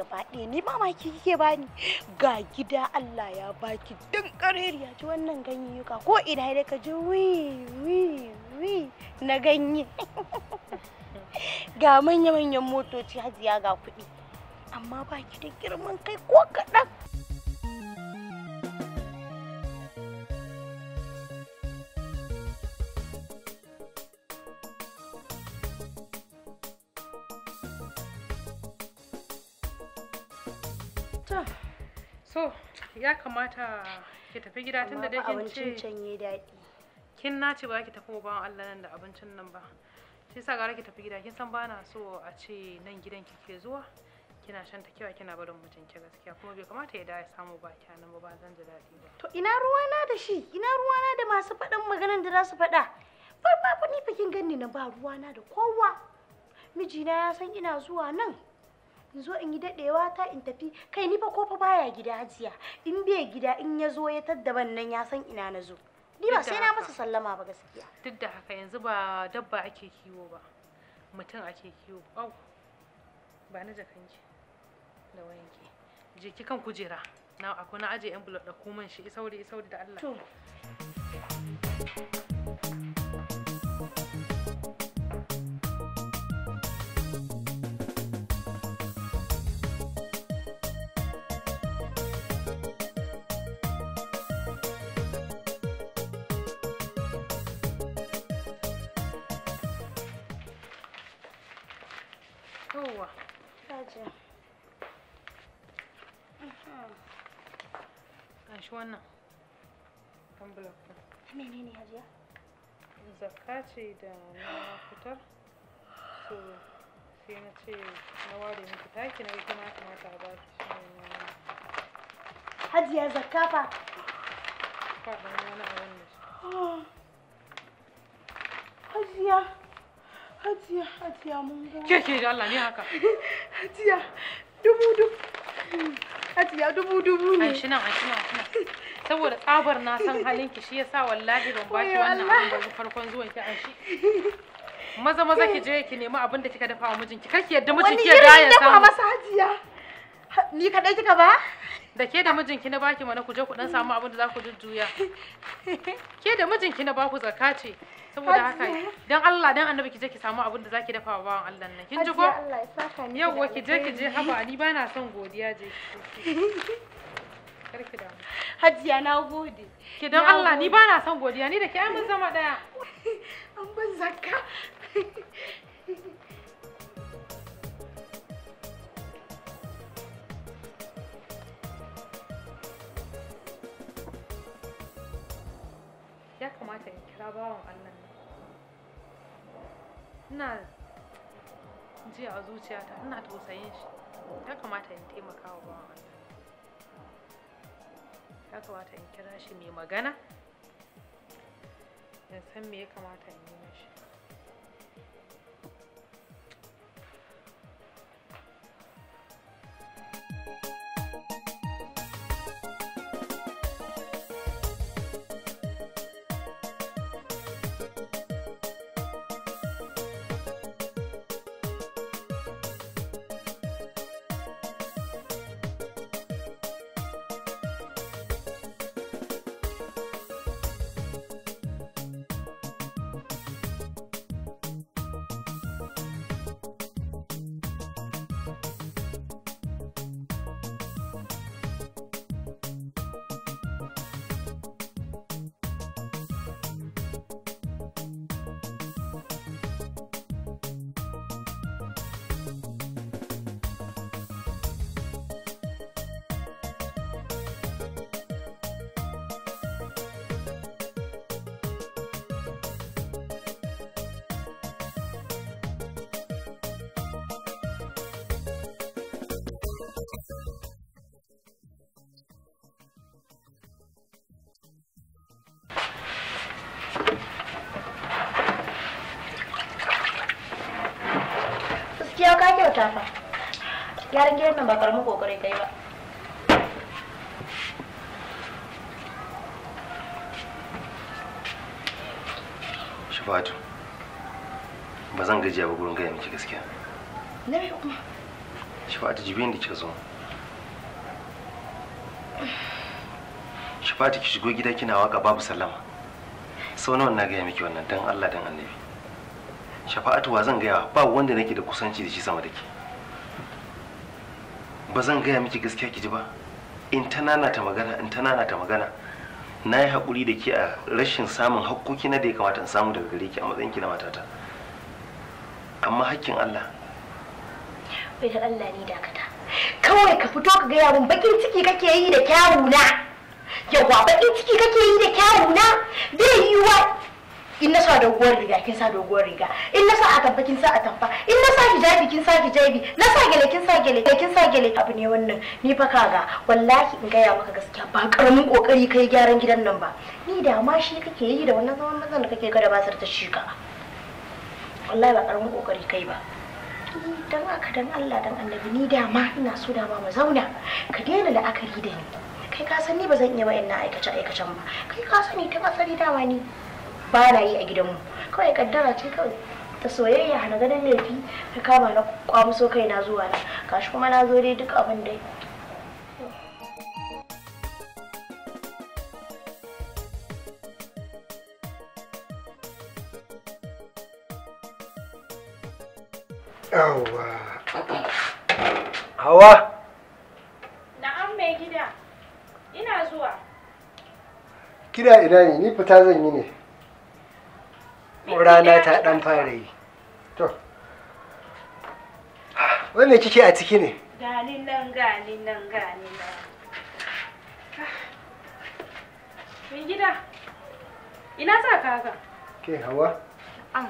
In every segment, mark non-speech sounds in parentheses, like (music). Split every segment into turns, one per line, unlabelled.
gaba ɗaya ni mamaki kike bani ga gida Allah ya baki din ƙarhir ya ci wannan yuka ko ina dai ka ji wi wi wi na ganye (laughs) ga manya-manyan motoci hajiya ga kuɗi amma baki da girman kai ko kaɗan
so ya kamata ki tafi gida da dai kin ce abincin daɗi kin nace ba ki tafi ba Allah nan da abincin nan ba shi yasa gara ki tafi gida kin san bana so a ce nan gidan kike zuwa kina shan ta kiwa kina barin ki gaskiya kuma bai kamata ya dawo ya samu ba nan ba ba zan ji daɗi ba
to ina ruwa na da shi ina ruwa na da masu faɗan maganar da za su faɗa ba ba ni fa kin ganni na ba ruwa na da kowa mijina ya san ina zuwa nan in zo in yi daɗewa ta in tafi kai ni fa ko fa baya gida hajiya in bai gida in ya zo ya tadda nan ya san ina na zo ni ba sai na masa
sallama ba gaskiya duk da haka yanzu ba dabba ake kiwo ba mutum ake kiwo au ba na jakanki da wayanki je ki kan kujera na ako na aje envelope da koman shi isauri isauri da Allah to gashi wannan envelope ɗin menene hajiya zakka ce da na fitar so sai na ce na ware miki taki na kuma ya kamata a ba
hajiya zakka fa
wani (gasps)
hajiya hajiya hajiya mun
ke ke da Allah ne haka (laughs) hajiya dubu dubu Hajiya dubu dubu ne. Ai Saboda tsabar na san halinki shi yasa wallahi ban baki wannan abin da farkon zuwan ki an shi. Maza maza ki je ki nemi abin da kika dafa wa mijinki. Kar ki yadda mijinki ya ya samu. Wani irin dafa masa hajiya? Ni kaɗai kika ba? Da ke da mijinki na baki mana ku je ku ɗan samu abin da za ku jujjuya. Ke da mijinki na baku zakka ce. Saboda haka dan Allah dan Annabi ki je ki samu abin da zaki dafa wa bawan Allah nan. Kin ji ko? Yauwa ki je ki je haba ni ba na son godiya je. Hajiya na gode. Ke dan Allah ni ba na son godiya ni da ke ai mun zama daya. (laughs) An ban zakka. (laughs) ta bawan allah ina ji a zuciyata ina tausayin shi ya kamata in taimaka wa bawan allah ya kamata in kira shi mai magana in san me ya kamata in yi mashi thank you
mota fa yaran gidan nan ba karamin kokare kai ba
Shifatu, ba zan gajiya ba gurin gaya miki gaskiya. Na Nabi kuma. Shifatu jibi da kika zo. Shifatu ki shigo gida kina waka babu sallama. Sau nawa na gaya miki wannan dan Allah dan Annabi. shafa'atu wa zan gaya ba wanda nake da kusanci da shi sama da ke ba zan gaya miki gaskiya ki ji ba in ta nanata magana in ta nanata magana na yi haƙuri da ke a rashin samun hakkoki na da ya kamata in samu daga gare ki a matsayin ki na matata amma hakkin Allah
bai da Allah ne dakata kawai ka fito ka gaya min bakin ciki kake yi da kyawuna yawa bakin ciki kake yi da kyawuna bai wa in na sa doguwar riga kin sa doguwar riga in na sa atamfa kin sa atamfa in na sa hijabi kin sa hijabi na sa gele kin sa gele kin sa gele abu ne wannan ni fa kaga wallahi in gaya maka gaskiya ba karamin kokari kai gyaran gidan nan ba ni da ma shi kake yi da wannan zaman mazan da kake gada basar ta shika wallahi ba karamin kokari kai ba dan haka dan Allah dan annabi ni da ma ina so da ma mu zauna ka daina la'akari da ni kai ka san ni ba zan iya wa'annan aikace aikacen ba kai ka sani ta asali dama ni ba na yi a gidanmu kawai kaddara ce kawai ta soyayya na ganin laifi ta kama na kwamuso kai na zuwa na gashi kuma na zo dai duk abin da
Yawwa. Hawa.
Na'am mai gida. Ina zuwa.
Kida ina ne, ni fita zan yi ne. rana ta dan fara yi to (sighs) wai me kike a ciki ne
gani nan gani nan gani nan (sighs) min gida ina sa ka haka ke hawa an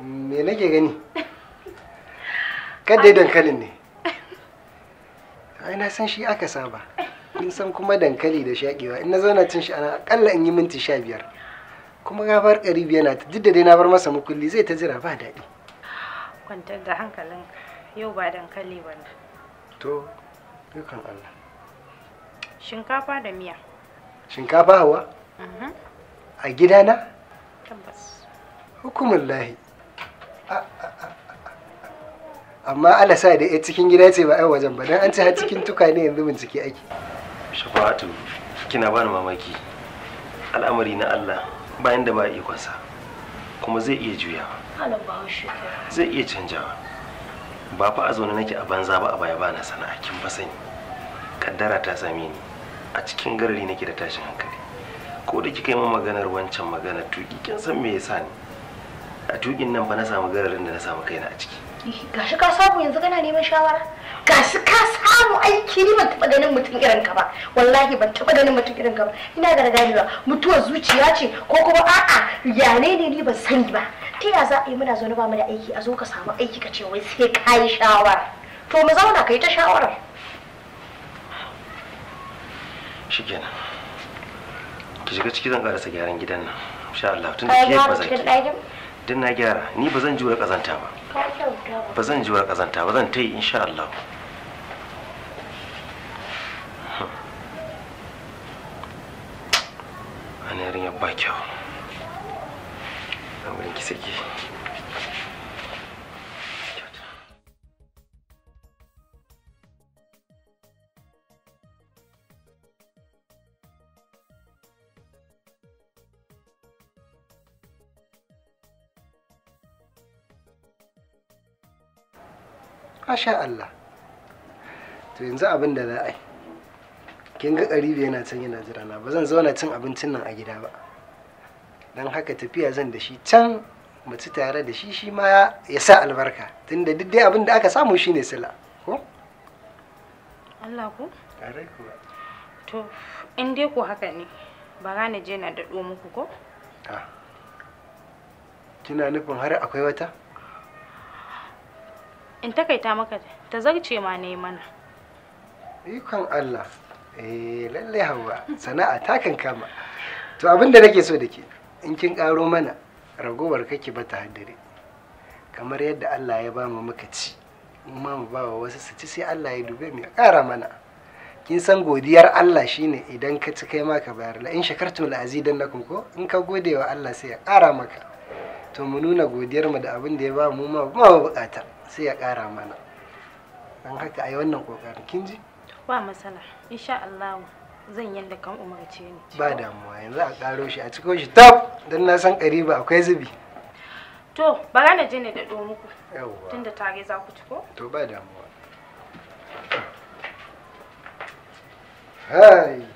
me nake gani (laughs) kada dankalin ne ai na san shi aka saba kin san kuma dankali da shakewa in na zauna cin shi ana akalla in yi minti sha biyar kuma ga bar karibi yana ta duk da dai na bar masa mukulli zai ta jira ba daɗi
kwantar da hankalinka yau ba dankali ba ne
to dukan Allah
shinkafa da miya
shinkafa hawa mhm. a gidana tabbas hukumin lahi amma ala sa da cikin gida ce ba ai wajen ba dan an ci har cikin tukane yanzu bincike ake
shafa'atu kina bani mamaki al'amari na Allah bayan da ba ikonsa kuma zai iya juyawa zai iya canjawa ba fa a zaune nake a banza ba a baya ba na sana'a kin fa sani kaddara ta same ni a cikin garari nake da tashin hankali ko da kika yi min maganar wancan magana tuki kin san me yasa ni a tukin nan ba na samu gararin da na samu kaina a ciki
gashi ka samu yanzu kana neman shawara gashi ka samu aiki ni ban taba ganin mutum irin ka ba wallahi ban taba ganin mutum irin ka ba ina da ganewa mutuwar zuciya ce ko kuma a'a yane ne ni ban sani ba ta ya za a yi muna zaune ba mu da aiki a zo ka samu aiki ka ce wai sai ka yi shawara to mu zauna ka yi ta shawarar
kenan ki shiga ciki zan karasa gyaran gidan nan insha Allah tun da ke ba zaki din na gyara ni ba zan jura kazanta ba ba zan ji wa kazanta ba zan ta yi insha Allah
masha Allah to yanzu abin da za a yi kin ga karibi yana can yana jira na ba zan zauna cin abincin nan a gida ba don haka tafiya zan da shi can mu ci tare da shi shi ma ya sa albarka tunda duk dai abin da aka samu shine sila ko
Allah ko to in dai ku haka ne ba gane je na daɗo muku ko
ah. kina nufin har akwai wata
in takaita maka ta zarce ma ne mana
ikon Allah eh lallai hawa sana'a ta kan kama to abinda nake so da ke in kin karo mana ragowar kake bata haddare kamar yadda Allah ya ba mu muka ci ma mu ba wasu su ci sai Allah ya dube mu ya kara mana kin san godiyar Allah shine idan ka ci kai ma ka bayar la in shakartu la azidan nakum ko in ka gode wa Allah sai ya kara maka to mu nuna godiyar mu da abin da ya ba mu ma ba bukata sai ya ƙara mana don haka a yi wannan ƙoƙarin kin ji
ba matsala insha Allah zan yanda kan umarce ni
ba damuwa yanzu a ƙaro shi a ciko shi tab don na san ƙariba akwai zubi
to bara na je ne da ɗo muku tunda tare za ku ciko
to ba damuwa hai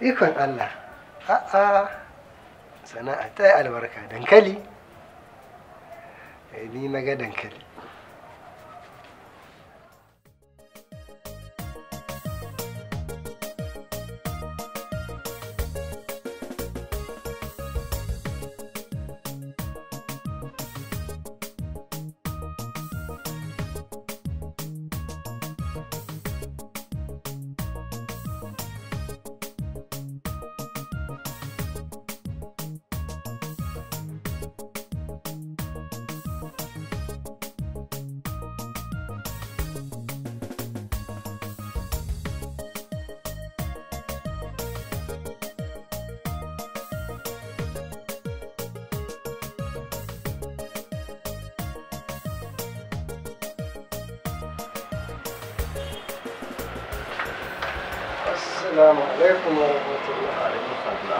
ikon Allah a'a sana'a ta albarka dankali eh, ni na ga dankali السلام عليكم ورحمة الله عليكم السلام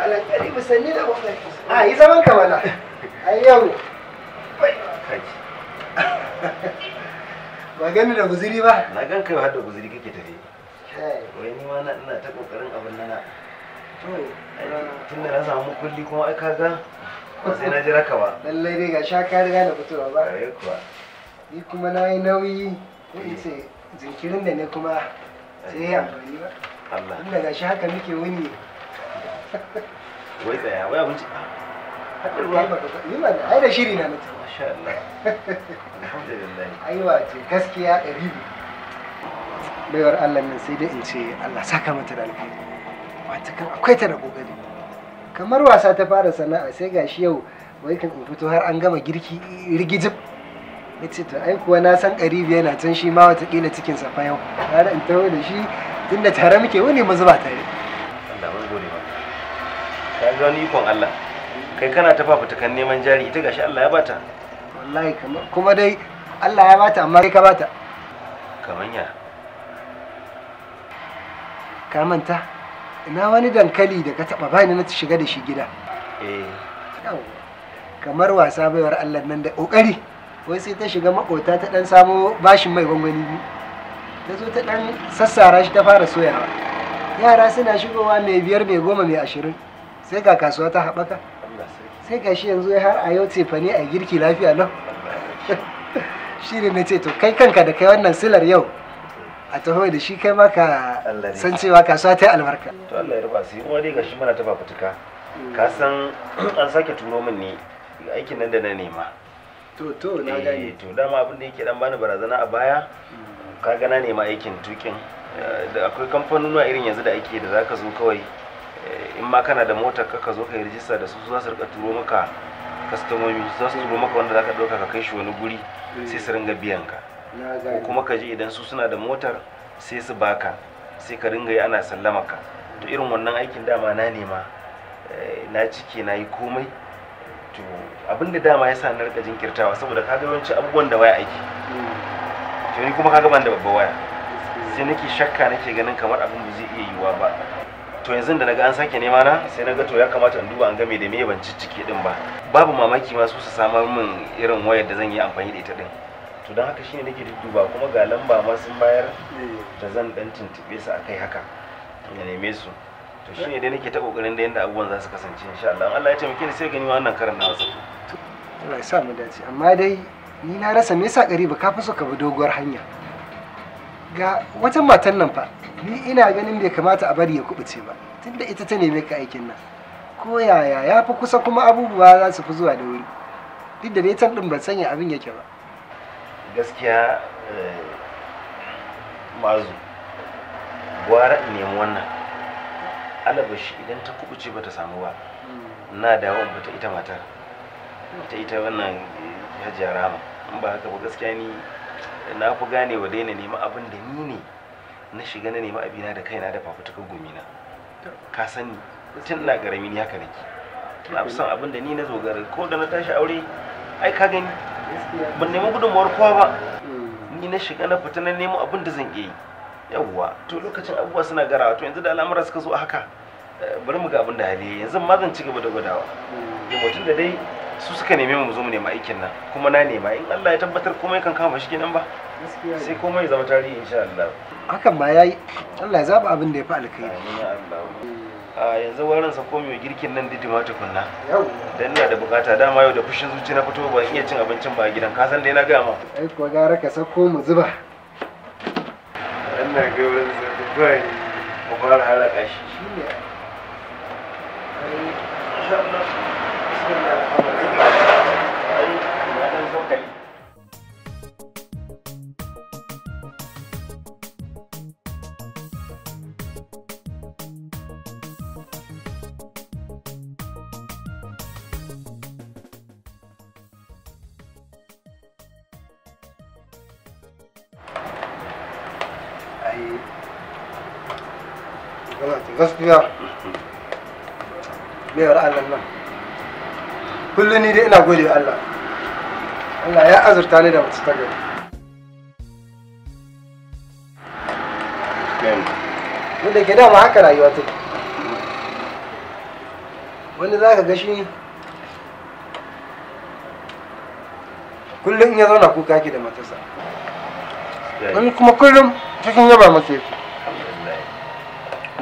على قريب da bakwai a yi zaman ka mana ai yau ba ba na gan kai har da guziri kake tafi wai ni ma ina ta kokarin abin nan tun da na samu kulli kuma ai kaga ba sai na jira ka ba lallai dai ga sha ka riga da fitowa ni kuma na yi nauyi ko zikirin da ne kuma sai ya amfani ba Allah inda gashi haka muke wuni wai tsaya wai abinci ai da shiri na mutum masha Allah alhamdulillah (laughs) aiwa ce gaskiya ɗari baiwar Allah nan sai dai in ce Allah saka mata da alkhairi wata kan akwai ta da kokari kamar wasa ta fara sana'a sai gashi yau wai kan in fito har an gama girki rigijib ya ce ta aikuwa na san ƙari biyar na can shi ma watakila cikin safa yau tare in taho da shi tunda tare muke wani mu zuba tare
Allah mun gode ba ka ga wani Allah kai kana ta fafutukan neman jari ita gashi Allah ya bata
wallahi kuma dai Allah ya bata amma kai ka bata kaman ya ka manta ina wani dankali da ka taba bani na shiga da shi gida eh kamar wasa baiwar Allah nan da kokari wai sai ta shiga makota ta dan samo bashin mai gwangwani biyu ta zo ta dan sassara shi ta fara soyawa yara suna shigowa mai biyar mai goma mai ashirin sai ga kasuwa ta haɓaka sai ga shi yanzu har a yau tefane a girki lafiya nan (laughs) shi ne na ce to kai kanka da kai wannan silar yau a taho da shi kai maka san cewa kasuwa ta yi albarka
to Allah ya rufa sai kuma dai gashi mana ta fafutuka ka san an sake turo min ne aikin nan da na nema to na eh, gane to dama abin da yake dan bani barazana a baya ka gana ne ma aikin tukin eh, da akwai kamfanonuwa irin yanzu da ake da zaka zo kawai eh, in ma kana da motar ka ka zo ka yi rijista da su za su rika turo maka kastomomi za su turo maka wanda zaka ka ɗauka ka kai shi wani guri sai su ringa biyan ka ko kuma ka je idan su suna da motar sai su baka sai ka ringa yi ana sallama ka to irin wannan aikin dama na nema na cike na yi komai abinda abin da dama yasa na rika jinkirtawa saboda ka ga yawanci abubuwan da waya aiki to ni kuma kaga ban da babba waya sai nake shakka nake ganin kamar abin ba zai iya yiwuwa ba to yanzu da naga an sake nema na sai naga to ya kamata in duba an game da me ban cicike din ba babu mamaki ma su su samar min irin wayar da zan yi amfani da ita din to dan haka shine nake duba kuma ga lamba ma sun bayar eh. da zan dan tuntube su akai haka ya neme su to ne dai nake ta kokarin da yanda abubuwan za su kasance insha Allah Allah ya taimake ni sai gani wannan karin na wasu
Allah ya sa mu dace amma dai ni na rasa me yasa gari ba ka fi so ka bi doguwar hanya ga wata matan nan fa ni ina ganin bai kamata a bari ya kubuce ba tunda ita ta neme ka aikin nan ko yaya ya fi kusa kuma abubuwa za su fi zuwa da wuri duk da dai din ban sanya abin yake ba
gaskiya eh, mazu gwara nemi wannan alabashi idan ta kubuce ba ta samu ba hmm. na dawo bata ita matar ta ita wannan hajiya rama in ba haka ba gaskiya ni na fi gane wa daina nema abin da ni ne na shiga na nema abina da kaina da fafutukar gumina ka sani tun na garami ni haka nake na fi son abin da ni na zo gari ko da na tashi aure ai ka gani ban nemi gudunmawar kowa ba
hmm.
ni na shiga na fita na nemo abin da zan iya yi yawwa to lokacin abubuwa suna garawa to yanzu da al'amura suka zo haka eh, bari mu ga abin da hali yanzu ma zan ci gaba da gudawa hmm. ya mutum da dai su suka neme mu zo mu nema aikin nan kuma na nema in Allah ya tabbatar komai kan kama shi kenan ba sai komai ya zama tarihi insha Allah hakan
ba yayi Allah ya zaba abin da ya fi alkhairi
a yanzu warin sa komai girkin nan didima tukunna dan ina da bukata dama yau da fushin zuci na fito ba iya cin abincin ba a gidan ka san dai na ga ma
ai ko gara ka sako mu zuba
ina ga wani zaɓi mu fara halaka shi shi ne
Allah kullum ni dai ina gode wa Allah Allah ya azurta ni da mace ta gari mu da ke dama haka rayuwa ta wani za ka ga shi kullum ya zauna kuka ki da matasa wani kuma kullum cikin yaba mace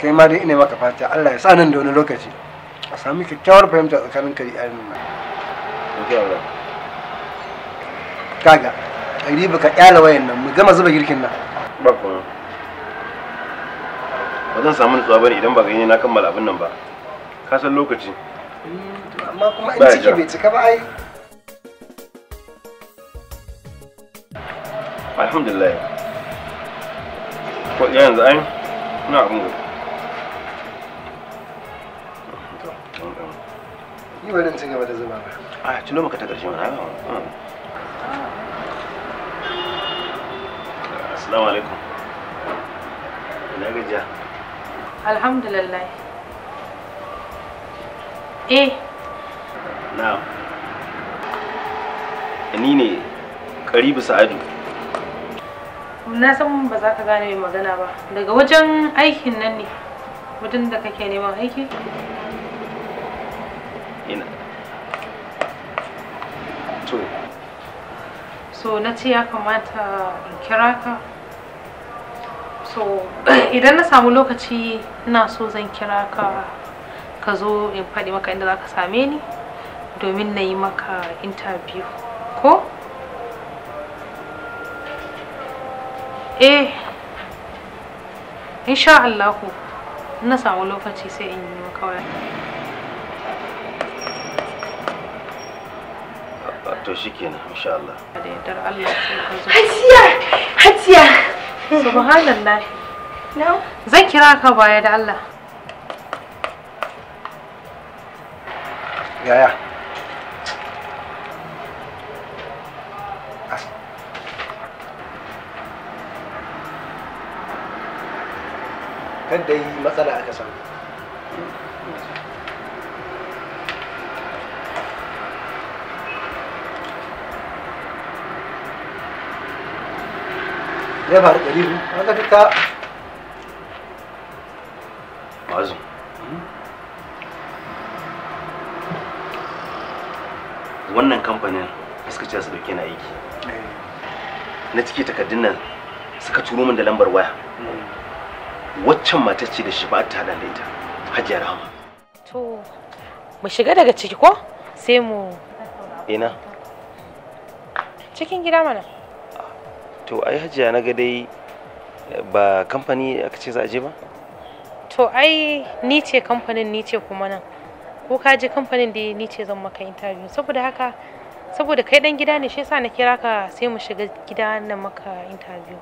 kai ma dai ina maka fata Allah ya sa nan da wani lokaci sami kyakkyawar fahimta tsakanin ka da yaran nan kaga ba ka ƙyala wayan nan mu gama zuba girkin nan
ba kuma ba zan samu nutsuwa bane idan ba gani na kammala abin nan ba ka san lokaci
amma kuma in ciki bai cika ba ai
alhamdulillah ko yanzu ai ina abin gobe
ni barin cin gaba da zuba ba
a tuno maka ta karshe mana ga hmm. assalamu alaikum ina gajiya
alhamdulillah eh
na'am ni ne karibu sa'adu
na san ba za ka gane mai magana ba daga wajen aikin nan ne mutum da kake neman aiki to so na ce ya kamata in kira ka so (clears throat) idan na samu lokaci ina so zan kira ka ka zo in faɗi maka inda za ka same ni domin na yi maka interview ko eh insha Allahu na samu lokaci sai in yi maka waya
to shikenan insha Allah da yardar Allah
hajiya hajiya subhanallah no zan kira ka baya da Allah
yaya kada yi matsala aka samu ya faru ɗari biyu kaga duka mazu
wannan kamfanin da suka ce su dauke na aiki eh. na cike takardun nan suka turo min da lambar waya waccan matar ce da shi ba ta da ita hajiya rahama
to mu shiga daga ciki ko sai mu ina cikin gida mana
to ai hajiya na ga dai ba kamfani aka ce za a je ba to
ai ni ce kamfanin ni ce kuma nan ko ka je kamfanin da ni ce zan maka interview saboda haka saboda kai dan gida ne shi yasa na kira ka sai mu shiga gida na maka interview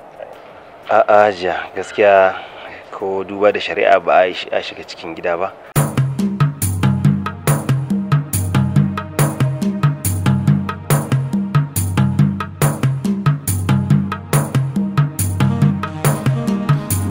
a'a hajiya gaskiya ko duba da shari'a ba a shiga cikin gida ba